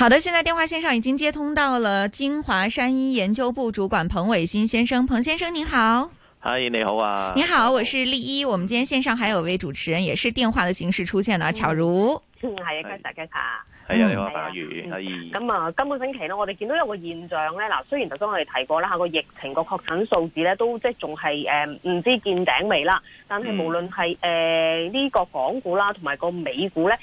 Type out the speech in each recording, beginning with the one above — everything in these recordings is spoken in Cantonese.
好的，現在電話線上已經接通到了京華山一研究部主管彭偉新先生，彭先生你好 h、hey，你好啊，你好，我是麗一，我們今天線上還有一位主持人，也是電話的形式出現啦，巧如、嗯，係啊、嗯，多謝多謝，係啊、嗯，你好阿宇，阿儀、嗯，咁啊、嗯嗯，今個星期呢，我哋見到有個現象呢。嗱，雖然頭先我哋提過啦，個疫情個確診數字呢，都即係仲係誒唔知見頂未啦，但係無論係誒呢個港股啦，同埋個美股呢。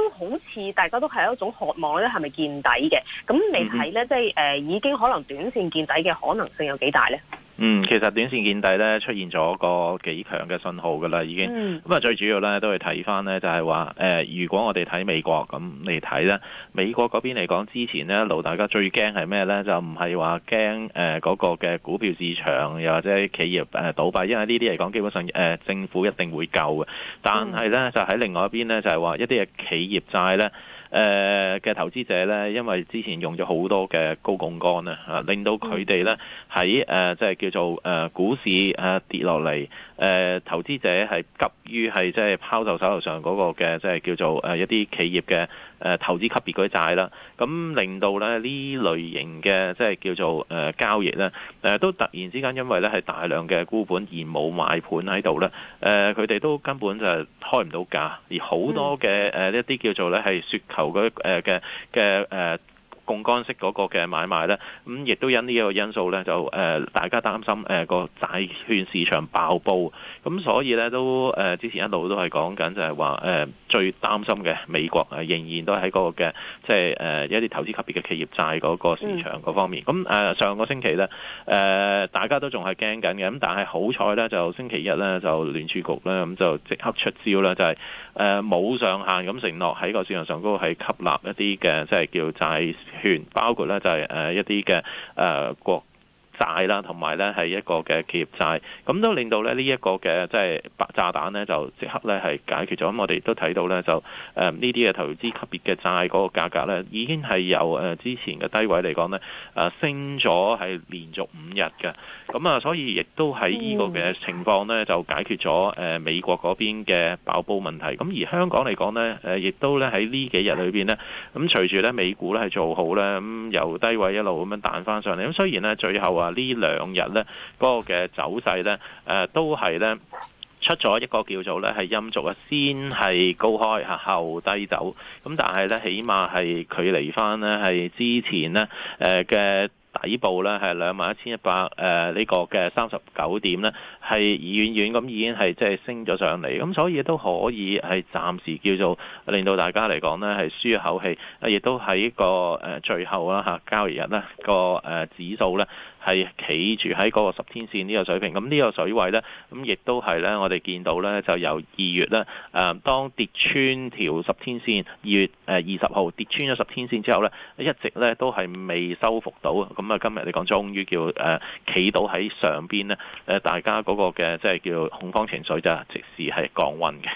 都好似大家都係一種渴望咧，係咪見底嘅？咁你睇咧，即係誒、呃、已經可能短線見底嘅可能性有幾大咧？嗯，其實短線見底咧，出現咗個幾強嘅信號㗎喇，已經咁啊，嗯、最主要咧都係睇返咧，就係話誒，如果我哋睇美國咁嚟睇咧，美國嗰邊嚟講之前咧，一路大家最驚係咩咧？就唔係話驚誒嗰個嘅股票市場，又或者企業誒、呃、倒閉，因為呢啲嚟講基本上誒、呃、政府一定會救嘅。但係咧，嗯、就喺另外一邊咧，就係、是、話一啲嘅企業債咧。誒嘅、呃、投資者咧，因為之前用咗好多嘅高槓桿咧，嚇、啊、令到佢哋咧喺誒即係叫做誒股市誒、啊、跌落嚟，誒、呃、投資者係急於係即係拋售手頭上嗰個嘅即係叫做誒一啲企業嘅。誒投資級別嗰啲債啦，咁令到咧呢類型嘅即係叫做誒交易咧，誒都突然之間因為咧係大量嘅沽本而冇買盤喺度咧，誒佢哋都根本就係開唔到價，而好多嘅誒一啲叫做咧係雪球嗰嘅嘅誒槓桿式嗰個嘅買賣咧，咁亦都因呢一個因素咧就誒大家擔心誒個債券市場爆煲，咁所以咧都誒之前一路都係講緊就係話誒。最擔心嘅美國啊，仍然都喺嗰個嘅即係誒一啲投資級別嘅企業債嗰個市場嗰方面。咁誒、呃、上個星期呢，誒、呃、大家都仲係驚緊嘅，咁但係好彩呢，就星期一呢，就聯儲局呢，咁就即刻出招啦，就係誒冇上限，咁承諾喺個市場上高係吸納一啲嘅即係叫債券，包括呢就係、是、誒一啲嘅誒國。債啦，同埋咧係一個嘅企業債，咁都令到咧呢一個嘅即係白炸彈呢，就即刻咧係解決咗。咁我哋都睇到呢，就誒呢啲嘅投資級別嘅債嗰個價格呢，已經係由誒之前嘅低位嚟講呢，誒升咗係連續五日嘅。咁啊，所以亦都喺呢個嘅情況呢，就解決咗誒美國嗰邊嘅爆煲問題。咁而香港嚟講呢，誒亦都咧喺呢幾日裏邊呢，咁隨住呢美股咧係做好咧，咁由低位一路咁樣彈翻上嚟。咁雖然呢最後啊～呢兩日呢，嗰、那個嘅走勢呢，誒、呃、都係呢出咗一個叫做呢係陰燭啊，先係高開吓後低走，咁但係呢，起碼係距離翻呢係之前呢誒嘅、呃、底部呢，係兩萬一千一百誒呢個嘅三十九點呢，係遠遠咁已經係即係升咗上嚟，咁所以都可以係暫時叫做令到大家嚟講呢係舒口氣，亦都喺個誒最後啦吓、啊、交易日呢個誒、呃、指數呢。係企住喺嗰個十天線呢個水平，咁呢個水位呢，咁亦都係呢。我哋見到呢，就由二月呢，誒當跌穿條十天線，二月二十號跌穿咗十天線之後呢，一直呢都係未收復到，咁啊今日你講終於叫誒企、呃、到喺上邊呢，誒大家嗰個嘅即係叫恐慌情緒就即時係降溫嘅。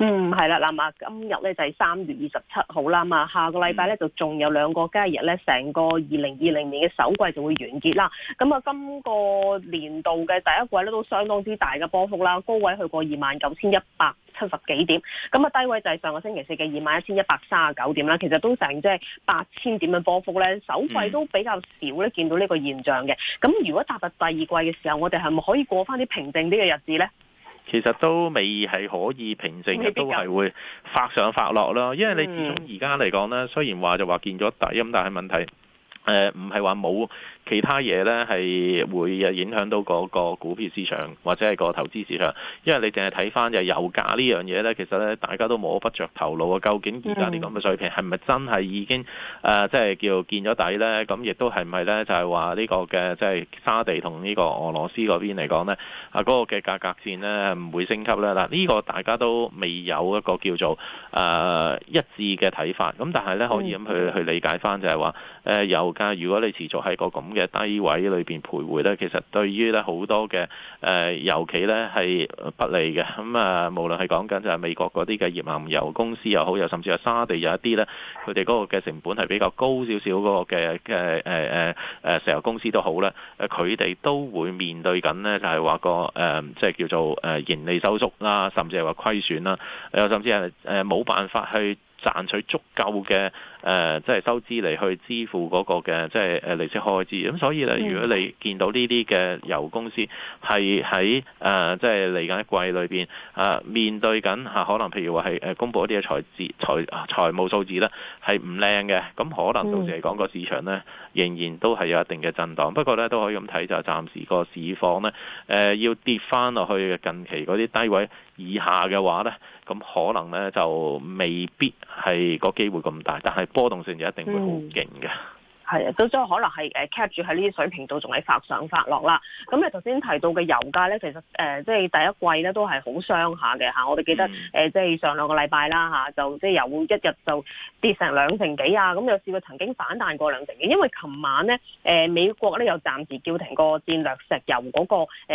嗯，係啦，嗱嘛，今日咧就係三月二十七號啦嘛，下個禮拜咧就仲有兩個交易日咧，成個二零二零年嘅首季就會完結啦。咁啊，今個年度嘅第一季咧都相當之大嘅波幅啦，高位去過二萬九千一百七十幾點，咁啊低位就係上個星期四嘅二萬一千一百三十九點啦。其實都成即係八千點嘅波幅咧，首季都比較少咧見到呢個現象嘅。咁、嗯、如果踏入第二季嘅時候，我哋係咪可以過翻啲平靜啲嘅日子咧？其實都未係可以平靜嘅，都係會發上發落咯。因為你始終而家嚟講咧，雖然話就話見咗底咁，但係問題誒唔係話冇。其他嘢呢係會影響到嗰個股票市場或者係個投資市場，因為你淨係睇翻就油價呢樣嘢呢，其實咧大家都摸不着頭腦啊！究竟而家呢咁嘅水平係咪真係已經啊即係叫見咗底呢？咁亦都係唔係咧？就係話呢個嘅即係沙地同呢個俄羅斯嗰邊嚟講呢，啊、那、嗰個嘅價格戰呢唔會升級呢。嗱、這、呢個大家都未有一個叫做啊、呃、一致嘅睇法，咁但係呢，可以咁去去理解翻就係話誒油價如果你持續係個咁嘅低位裏邊徘徊咧，其實對於咧好多嘅誒，尤其咧係不利嘅。咁、嗯、啊，無論係講緊就係美國嗰啲嘅頁岩油公司又好，又甚至係沙地有一啲咧，佢哋嗰個嘅成本係比較高少少，嗰個嘅嘅誒誒誒石油公司都好咧。佢哋都會面對緊咧，就係、是、話個誒、呃，即係叫做誒盈利收縮啦，甚至係話虧損啦，誒甚至係誒冇辦法去賺取足夠嘅。誒、呃，即係收支嚟去支付嗰個嘅，即係誒利息開支。咁所以咧，嗯、如果你見到呢啲嘅油公司係喺誒，即係嚟緊一季裏邊啊，面對緊嚇，可能譬如話係誒公佈一啲嘅財資財財,財務數字咧，係唔靚嘅。咁、嗯嗯嗯、可能到時嚟講，個市場咧仍然都係有一定嘅震盪。不過咧，都可以咁睇，就係、是、暫時個市況咧，誒、呃、要跌翻落去近期嗰啲低位以下嘅話咧，咁、嗯、可能咧就未必係個機會咁大。但係波動性就一定會好勁噶，嗯係啊，都即可能係誒 cap 住喺呢啲水平度，仲係發上發落啦。咁你頭先提到嘅油價咧，其實誒即係第一季咧都係好傷下嘅嚇。我哋記得誒即係上兩個禮拜啦嚇，就即係有一日就跌成兩成幾啊。咁有試過曾經反彈過兩成幾，因為琴晚咧誒美國咧又暫時叫停個戰略石油嗰個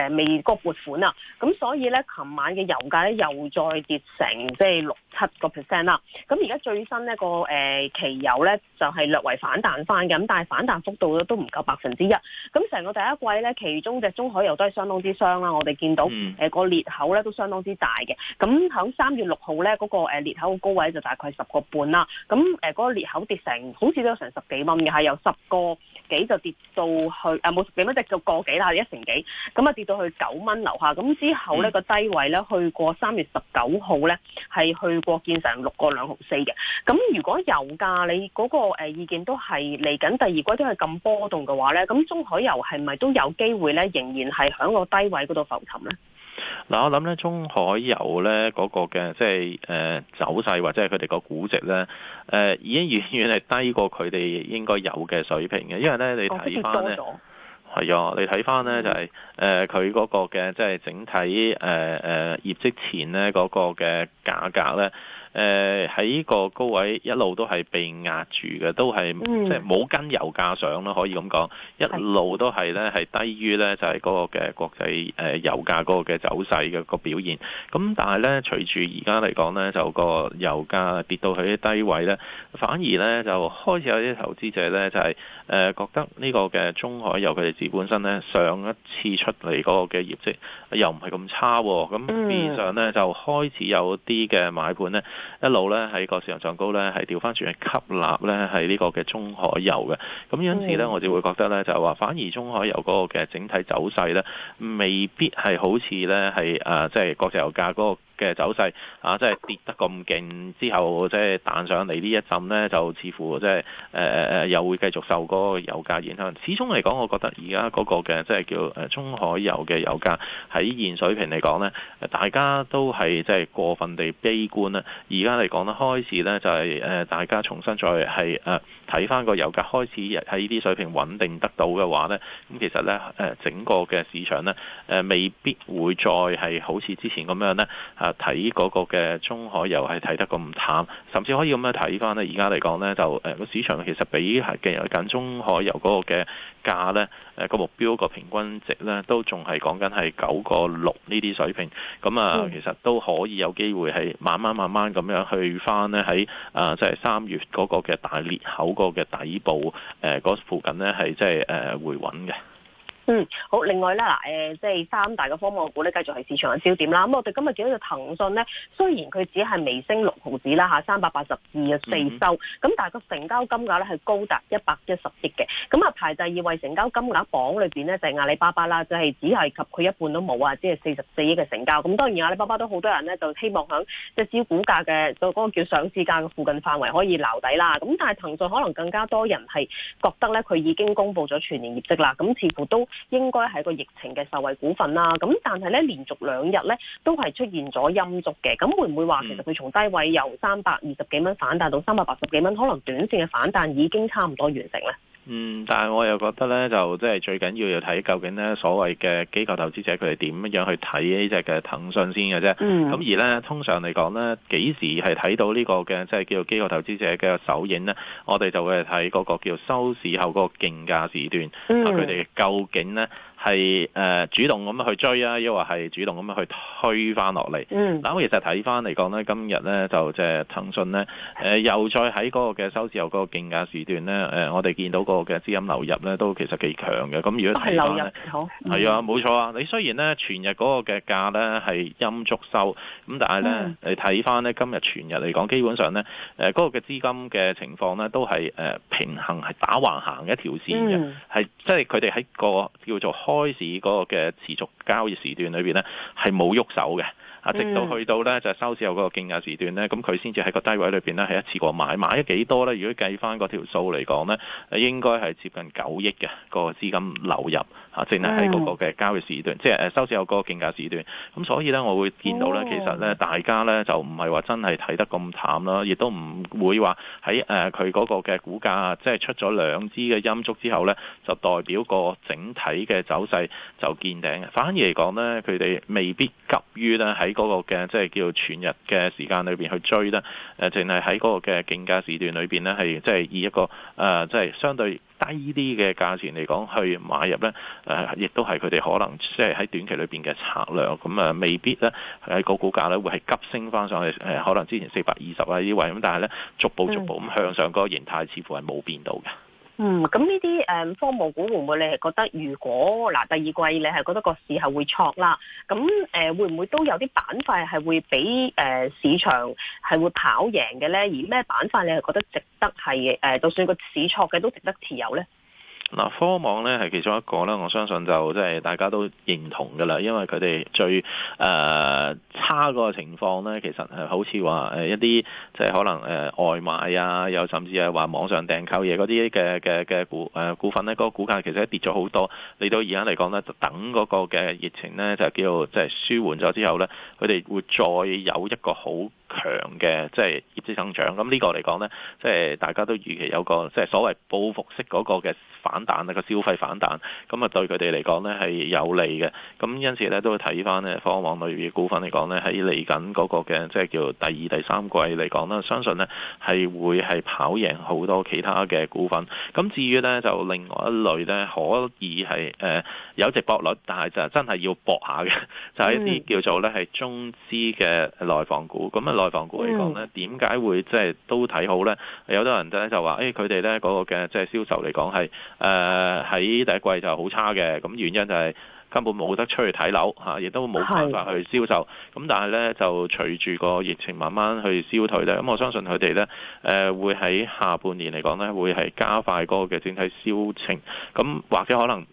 誒美國撥款啊。咁所以咧琴晚嘅油價咧又再跌成即係六七個 percent 啦。咁而家最新呢個誒期油咧就係略為反。彈翻咁，但係反彈幅度咧都唔夠百分之一。咁成個第一季咧，其中隻中海油都係相當之傷啦。我哋見到，誒個、嗯呃、裂口咧都相當之大嘅。咁響三月六號咧，嗰、那個誒裂口嘅高位就大概十個半啦。咁誒嗰個裂口跌成，好似都有成十幾蚊嘅，係由十個幾就跌到去誒冇、呃、十幾蚊，即係就個幾啦，一成幾。咁、嗯、啊、嗯、跌到去九蚊樓下。咁之後咧、那個低位咧去過三月十九號咧係去過建成六個兩毫四嘅。咁如果油價你嗰個誒意見都係。係嚟緊第二季都係咁波動嘅話咧，咁中海油係咪都有機會咧，仍然係喺個低位嗰度浮沉咧？嗱，我諗咧，中海油咧嗰個嘅，即係誒走勢或者係佢哋個估值咧，誒、呃、已經遠遠係低過佢哋應該有嘅水平嘅，因為咧，你睇翻咧係啊，你睇翻咧就係誒佢嗰個嘅，即係整體誒誒、呃呃、業績前咧嗰個嘅價格咧。誒喺個高位一路都係被壓住嘅，都係即係冇跟油價上啦。可以咁講。一路都係咧，係低於咧就係嗰個嘅國際誒油價嗰個嘅走勢嘅個表現。咁但係咧，隨住而家嚟講咧就個油價跌到佢啲低位咧，反而咧就開始有啲投資者咧就係、是、誒覺得呢個嘅中海油佢哋自本身咧，上一次出嚟嗰個嘅業績又唔係咁差喎。咁變相咧就開始有啲嘅買盤咧。一路咧喺個市場上高咧，係調翻轉去吸納咧，係呢個嘅中海油嘅。咁的因此咧，我哋會覺得咧，就話反而中海油嗰個嘅整體走勢咧，未必係好似咧係誒，即係國際油價嗰個。嘅走勢啊，即係跌得咁勁之後，即係彈上嚟呢一陣咧，就似乎即係誒誒誒，又會繼續受嗰個油價影響。始終嚟講，我覺得而家嗰個嘅即係叫誒中海油嘅油價喺現水平嚟講咧，大家都係即係過分地悲觀啦。而家嚟講咧，開始咧就係、是、誒大家重新再係誒睇翻個油價開始喺呢啲水平穩定得到嘅話咧，咁其實咧誒整個嘅市場咧誒未必會再係好似之前咁樣咧，睇嗰個嘅中海油係睇得咁淡，甚至可以咁樣睇翻呢，而家嚟講呢，就誒個、呃、市場其實比係緊中海油嗰個嘅價呢，誒、呃、個目標個平均值呢，都仲係講緊係九個六呢啲水平。咁啊，嗯、其實都可以有機會係慢慢慢慢咁樣去翻呢喺啊即係三月嗰個嘅大裂口個嘅底部誒嗰、呃那個、附近呢，係即係誒回穩嘅。嗯，好。另外咧，嗱，誒，即係三大嘅科網股咧，繼續係市場嘅焦點啦。咁我哋今日見到嘅騰訊咧，雖然佢只係微升六毫子啦，嚇，三百八十二四收，咁但係個成交金額咧係高達一百一十億嘅。咁啊，排第二位成交金額榜裏邊咧就係阿里巴巴啦，就係只係及佢一半都冇啊，只係四十四億嘅成交。咁當然阿里巴巴都好多人咧就希望響即係招股價嘅嗰嗰個叫上市價嘅附近範圍可以留底啦。咁但係騰訊可能更加多人係覺得咧佢已經公布咗全年業績啦，咁似乎都。應該係個疫情嘅受惠股份啦，咁但係咧連續兩日咧都係出現咗陰燭嘅，咁會唔會話其實佢從低位由三百二十幾蚊反彈到三百八十幾蚊，可能短線嘅反彈已經差唔多完成咧？嗯，但係我又覺得咧，就即係最緊要要睇究竟咧，所謂嘅機構投資者佢哋點樣去睇呢隻嘅騰訊先嘅啫。咁、mm. 而咧通常嚟講咧，幾時係睇到呢個嘅即係叫做機構投資者嘅首映咧？我哋就會係睇嗰個叫收市後個競價時段，佢哋、mm. 啊、究竟咧。係誒主動咁樣去追啊，亦或係主動咁樣去推翻落嚟。嗯，嗱，我其實睇翻嚟講咧，今日咧就即係騰訊咧，誒、呃、又再喺嗰個嘅收市後嗰個競價時段咧，誒、呃、我哋見到嗰個嘅資金流入咧都其實幾強嘅。咁如果睇翻，係啊，冇錯啊。你雖然咧全日嗰個嘅價咧係陰足收，咁但係咧、嗯、你睇翻咧今日全日嚟講，基本上咧誒嗰個嘅資金嘅情況咧都係誒平衡係打橫行一條線嘅，係、嗯、即係佢哋喺個叫做開始嗰個嘅持續交易時段裏邊咧，係冇喐手嘅。啊！直到去到咧，就係收市後嗰個競價時段咧，咁佢先至喺個低位裏邊咧，係一次過買買咗幾多咧？如果計翻嗰條數嚟講咧，應該係接近九億嘅個資金流入嚇，淨係喺嗰個嘅交易時段，的即係誒收市後嗰個競價時段。咁所以咧，我會見到咧，其實咧，大家咧就唔係話真係睇得咁淡啦，亦都唔會話喺誒佢嗰個嘅股價啊，即係出咗兩支嘅陰燭之後咧，就代表個整體嘅走勢就見頂嘅。反而嚟講咧，佢哋未必急於咧喺嗰個嘅即係叫全日嘅時間裏邊去追啦。誒淨係喺嗰個嘅競價時段裏邊呢，係即係以一個誒即係相對低啲嘅價錢嚟講去買入呢。誒亦都係佢哋可能即係喺短期裏邊嘅策略，咁、嗯、啊未必呢，喺、嗰個股價呢會係急升翻上去誒，可能之前四百二十啊呢位咁，但係呢逐步逐步咁向上嗰個形態似乎係冇變到嘅。嗯，咁呢啲誒科務股會唔會？你係覺得如果嗱、呃、第二季你係覺得個市係會錯啦，咁誒、呃、會唔會都有啲板塊係會俾誒、呃、市場係會跑贏嘅咧？而咩板塊你係覺得值得係誒，就、呃、算個市錯嘅都值得持有咧？嗱，科網咧係其中一個咧，我相信就即係大家都認同㗎啦，因為佢哋最誒、呃、差個情況咧，其實係好似話誒一啲即係可能誒外賣啊，又甚至係話網上訂購嘢嗰啲嘅嘅嘅股誒股份咧，嗰、那個股價其實跌咗好多。嚟到而家嚟講咧，就等嗰個嘅熱情咧就叫做即係舒緩咗之後咧，佢哋會再有一個好強嘅即係業績增長。咁呢個嚟講咧，即、就、係、是、大家都預期有個即係、就是、所謂報復式嗰個嘅反彈啊，個消費反彈，咁啊對佢哋嚟講呢係有利嘅。咁因此咧都會睇返呢科網類嘅股份嚟講呢，喺嚟緊嗰個嘅即係叫第二、第三季嚟講啦，相信呢係會係跑贏好多其他嘅股份。咁至於呢，就另外一類呢，可以係誒、呃、有值博率，但係就真係要搏下嘅，就係一啲叫做呢係中資嘅內房股。咁啊內房股嚟講呢，點解會即係都睇好呢？有啲人就話誒，佢、欸、哋呢嗰、那個嘅即係銷售嚟講係。誒喺、uh, 第一季就好差嘅，咁原因就係根本冇得出去睇樓，嚇、啊，亦都冇辦法去銷售。咁是但係呢，就隨住個疫情慢慢去消退呢，咁我相信佢哋呢，、啊、呢，會喺下半年嚟講呢，會係加快個嘅整體銷情。咁或者可能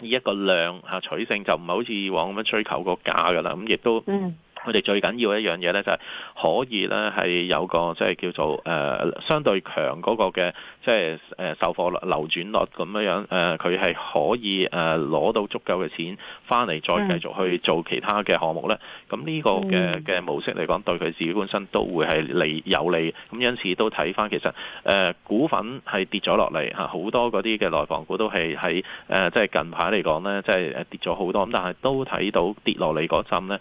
以一個量吓、啊、取勝，就唔係好似以往咁樣追求個價噶啦。咁亦都。嗯我哋最緊要一樣嘢咧，就係、是、可以咧係有個即係、就是、叫做誒、呃、相對強嗰個嘅即係誒售貨流轉率，咁樣樣誒，佢、呃、係可以誒攞、呃、到足夠嘅錢翻嚟，再繼續去做其他嘅項目咧。咁呢個嘅嘅模式嚟講，對佢自己本身都會係利有利。咁因此都睇翻其實誒、呃、股份係跌咗落嚟嚇，好多嗰啲嘅內房股都係喺誒即係近排嚟講咧，即係誒跌咗好多。咁但係都睇到跌落嚟嗰陣咧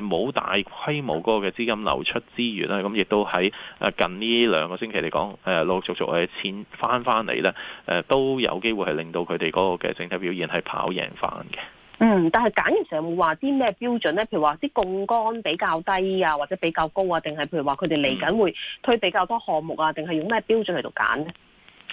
誒冇。呃大規模嗰個嘅資金流出之餘，咧，咁亦都喺誒近呢兩個星期嚟講，誒陸陸續續嘅錢翻翻嚟咧，誒都有機會係令到佢哋嗰個嘅整體表現係跑贏翻嘅。嗯，但係揀完時有冇話啲咩標準咧？譬如話啲槓桿比較低啊，或者比較高啊，定係譬如話佢哋嚟緊會推比較多項目啊，定係用咩標準嚟到揀咧？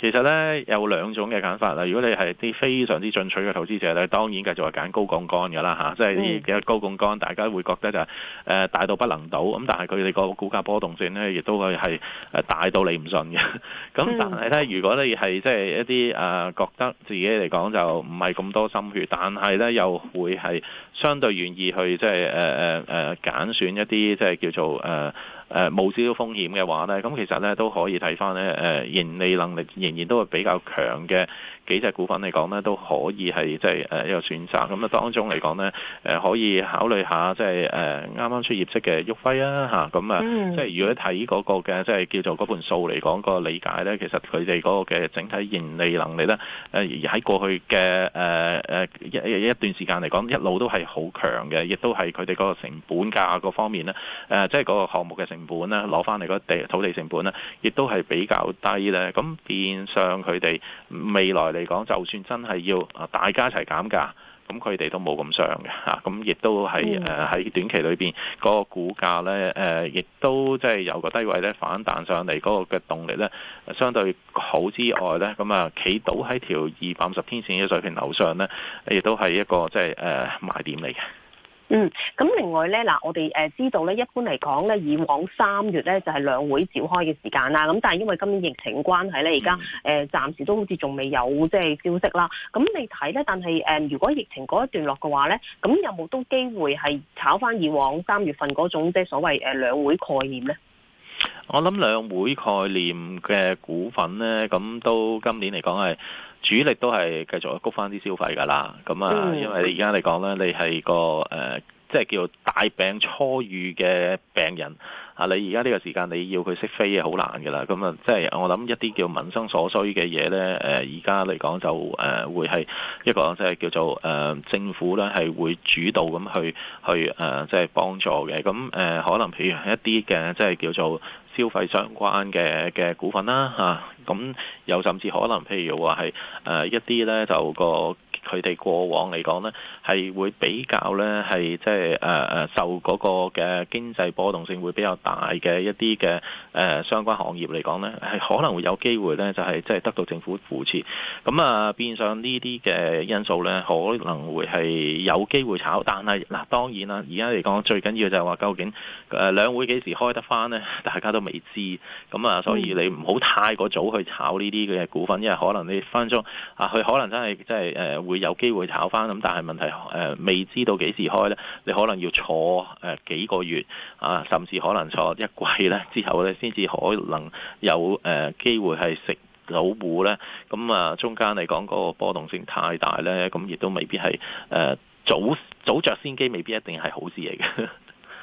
其實咧有兩種嘅揀法啦。如果你係啲非常之進取嘅投資者咧，當然繼續係揀高槓桿嘅啦嚇。即係比較高槓桿，大家會覺得就係、是、誒、呃、大到不能倒。咁但係佢哋個股價波動性咧，亦都會係誒大到你唔信嘅。咁、啊、但係咧，如果你係即係一啲誒、呃、覺得自己嚟講就唔係咁多心血，但係咧又會係相對願意去即係誒誒誒揀選一啲即係叫做誒。呃誒，冇少少風險嘅話咧，咁其實咧都可以睇翻咧，誒、呃，盈利能力仍然都係比較強嘅。幾隻股份嚟講呢，都可以係即係誒一個選擇。咁啊，當中嚟講呢，誒可以考慮下即係誒啱啱出業績嘅旭輝啊嚇。咁啊，啊嗯、即係如果睇嗰、嗰個嘅即係叫做嗰盤數嚟講、嗰個理解呢，其實佢哋嗰個嘅整體盈利能力呢，誒、啊、喺過去嘅誒誒一一段時間嚟講，一路都係好強嘅，亦都係佢哋嗰個成本價嗰方面呢。誒即係嗰個項目嘅成本呢，攞翻嚟嗰地土地成本呢，亦都係比較低呢。咁變相佢哋未來嚟講，就算真係要啊大家一齊減價，咁佢哋都冇咁上嘅嚇，咁亦都係誒喺短期裏邊，嗰個股價咧誒，亦都即係有個低位咧反彈上嚟，嗰個嘅動力咧相對好之外咧，咁啊企到喺條二百五十天線嘅水平樓上咧，亦都係一個即係誒賣點嚟嘅。嗯，咁另外咧，嗱，我哋誒、呃、知道咧，一般嚟講咧，以往三月咧就係、是、兩會召開嘅時間啦。咁但係因為今年疫情關係咧，而家誒暫時都好似仲未有即係消息啦。咁、嗯、你睇咧，但係誒、呃，如果疫情告一段落嘅話咧，咁有冇多機會係炒翻以往三月份嗰種即係所謂誒兩會概念咧？我諗兩會概念嘅股份呢，咁到今年嚟講係主力都係繼續谷翻啲消費噶啦，咁啊，嗯、因為你而家嚟講呢，你係個誒、呃，即係叫大病初癒嘅病人。你而家呢個時間你要佢識飛啊，好難嘅啦。咁啊，即係我諗一啲叫民生所需嘅嘢咧，誒而家嚟講就誒、呃、會係一個即係叫做誒、呃、政府咧係會主導咁去去誒即係幫助嘅。咁誒可能譬如一啲嘅即係叫做消費相關嘅嘅股份啦，嚇咁又甚至可能譬如話係誒一啲咧就個。佢哋過往嚟講呢，係會比較呢，係即係誒誒受嗰個嘅經濟波動性會比較大嘅一啲嘅誒相關行業嚟講呢，係可能會有機會呢，就係即係得到政府扶持。咁啊變相呢啲嘅因素呢，可能會係有機會炒。但係嗱、呃、當然啦，而家嚟講最緊要就係話究竟誒、呃、兩會幾時開得翻呢？大家都未知。咁啊，所以你唔好太過早去炒呢啲嘅股份，因為可能你分分鐘啊，佢可能真係即係誒。呃會有機會炒翻咁，但係問題誒、呃，未知道幾時開咧？你可能要坐誒、呃、幾個月啊，甚至可能坐一季咧，之後咧，先至可能有誒、呃、機會係食老虎咧。咁、嗯、啊，中間嚟講嗰個波動性太大呢，咁、嗯、亦都未必係誒早早著先機，未必一定係好事嚟嘅。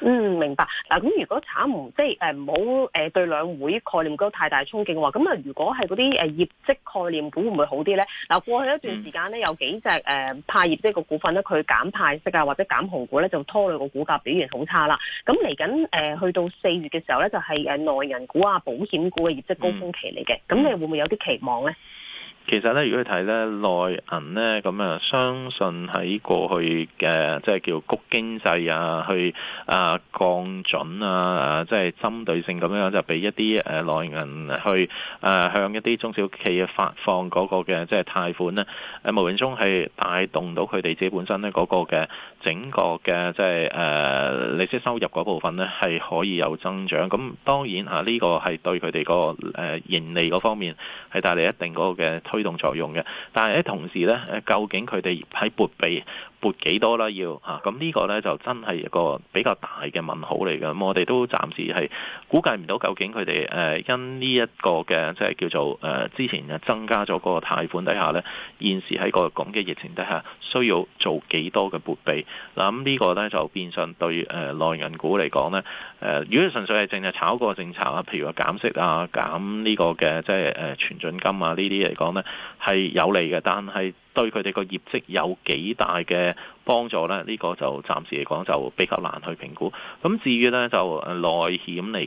嗯，明白嗱。咁、啊、如果炒唔即係誒，唔好誒對兩會概念股太大憧憬嘅話，咁啊，如果係嗰啲誒業績概念股會唔會好啲咧？嗱，過去一段時間咧，嗯、有幾隻誒派業績嘅股份咧，佢減派息啊，或者減紅股咧，就拖累個股價表現好差啦。咁嚟緊誒，去到四月嘅時候咧，就係、是、誒內人股啊、保險股嘅業績高峰期嚟嘅，咁、嗯、你會唔會有啲期望咧？其實咧，如果你睇咧內銀咧，咁啊，相信喺過去嘅即係叫谷經濟啊，去啊降準啊，啊即係針對性咁樣就俾一啲誒內銀去誒、啊、向一啲中小企業發放嗰個嘅即係貸款咧，誒無形中係帶動到佢哋自己本身咧嗰、嗰個嘅整個嘅即係誒、啊、利息收入嗰部分咧係可以有增長。咁當然啊，呢、呢個係對佢哋、嗰個誒盈、啊、利嗰方面係帶嚟一定嗰、嗰個嘅。推動作用嘅，但係喺同時咧，誒究竟佢哋喺撥備撥幾多啦？要嚇咁、啊這個、呢個咧就真係一個比較大嘅問號嚟㗎。咁、啊、我哋都暫時係估計唔到究竟佢哋誒因呢一個嘅即係叫做誒、呃、之前誒增加咗嗰個貸款底下咧，現時喺個咁嘅疫情底下需要做幾多嘅撥備嗱？咁、啊這個、呢個咧就變相對誒內、呃、銀股嚟講咧誒，如果純粹係淨係炒個政策啦，譬如話減息啊、減呢個嘅即係誒存準金啊呢啲嚟講係有利嘅，但係對佢哋個業績有幾大嘅幫助咧？呢個就暫時嚟講就比較難去評估。咁至於咧就內險嚟。